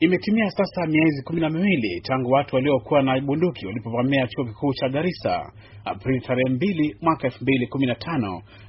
Imetimia sasa miezi kumi na miwili tangu watu waliokuwa na bunduki walipovamia chuo kikuu cha Garissa Aprili tarehe mbili mwaka kumi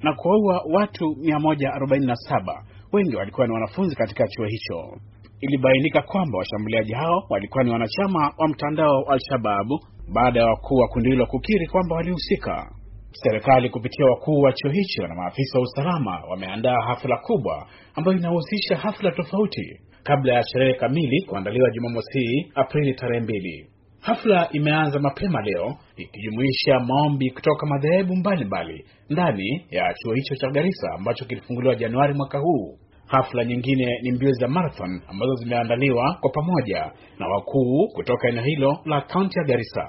na kuwaua watu 147. Wengi walikuwa ni wanafunzi katika chuo hicho. Ilibainika kwamba washambuliaji hao walikuwa ni wanachama wa mtandao wa Al-Shababu baada ya wakuu wa kundi hilo kukiri kwamba walihusika. Serikali kupitia wakuu wa chuo hicho na maafisa wa usalama wameandaa hafla kubwa ambayo inahusisha hafla tofauti kabla ya sherehe kamili kuandaliwa Jumamosi, Aprili tarehe mbili. Hafla imeanza mapema leo ikijumuisha maombi kutoka madhehebu mbalimbali ndani ya chuo hicho cha Garissa ambacho kilifunguliwa Januari mwaka huu. Hafla nyingine ni mbio za marathon ambazo zimeandaliwa kwa pamoja na wakuu kutoka eneo hilo la kaunti ya Garissa.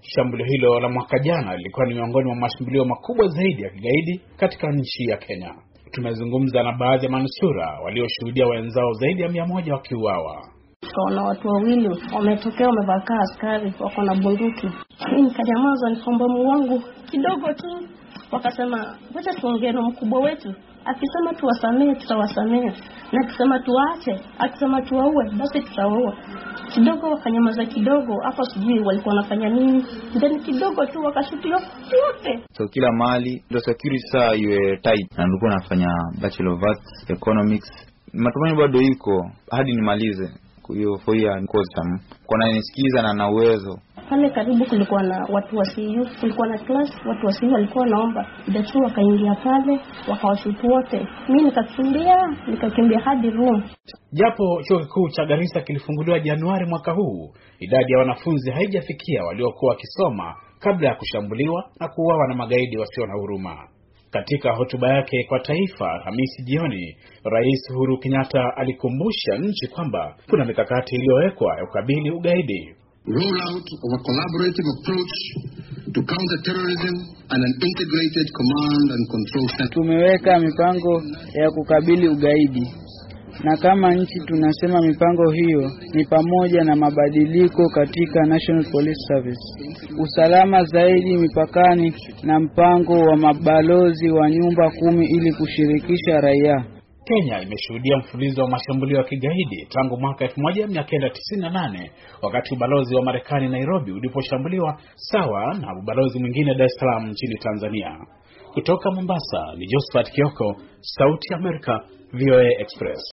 Shambulio hilo la mwaka jana lilikuwa ni miongoni mwa mashambulio makubwa zaidi ya kigaidi katika nchi ya Kenya tumezungumza na baadhi ya manusura walioshuhudia wenzao zaidi ya mia moja wakiuawa. tukaona watu wawili wametokea, wamevaa askari, wako na bunduki. Mimi nikanyamaza, nifumba mguu wangu kidogo tu, wakasema wacha tuongee na mkubwa wetu, akisema tuwasamehe tutawasamehe, na akisema tuwaache, akisema tuwaue basi tutawaua kidogo wakanyamaza kidogo, hapa sijui walikuwa wanafanya nini, then kidogo tu wakashuti yote. So kila mali ndio security saa iwe tight, na ndipo nafanya bachelor of arts economics. Matumaini bado iko hadi nimalize hiyo four year course, kwa nanisikiza na na uwezo pale karibu kulikuwa na watu wa CU, kulikuwa na class, watu wa CU walikuwa naomba dachu, wakaingia pale wakawashutu wote. Mi nikakimbia nikakimbia hadi room. Japo chuo kikuu cha Garissa kilifunguliwa Januari mwaka huu, idadi ya wanafunzi haijafikia waliokuwa wakisoma kabla ya kushambuliwa na kuuawa na magaidi wasio na huruma. Katika hotuba yake kwa taifa hamisi jioni, Rais Uhuru Kenyatta alikumbusha nchi kwamba kuna mikakati iliyowekwa ya kukabili ugaidi roll out of a collaborative approach to counter terrorism and an integrated command and control center. Tumeweka mipango ya kukabili ugaidi na kama nchi tunasema mipango hiyo ni pamoja na mabadiliko katika National Police Service, usalama zaidi mipakani, na mpango wa mabalozi wa nyumba kumi ili kushirikisha raia. Kenya imeshuhudia mfululizo wa mashambulio ya kigaidi tangu mwaka 1998 wakati ubalozi wa Marekani Nairobi uliposhambuliwa sawa na ubalozi mwingine Dar es Salaam nchini Tanzania. Kutoka Mombasa ni Josephat Kioko, Sauti ya Amerika, VOA Express.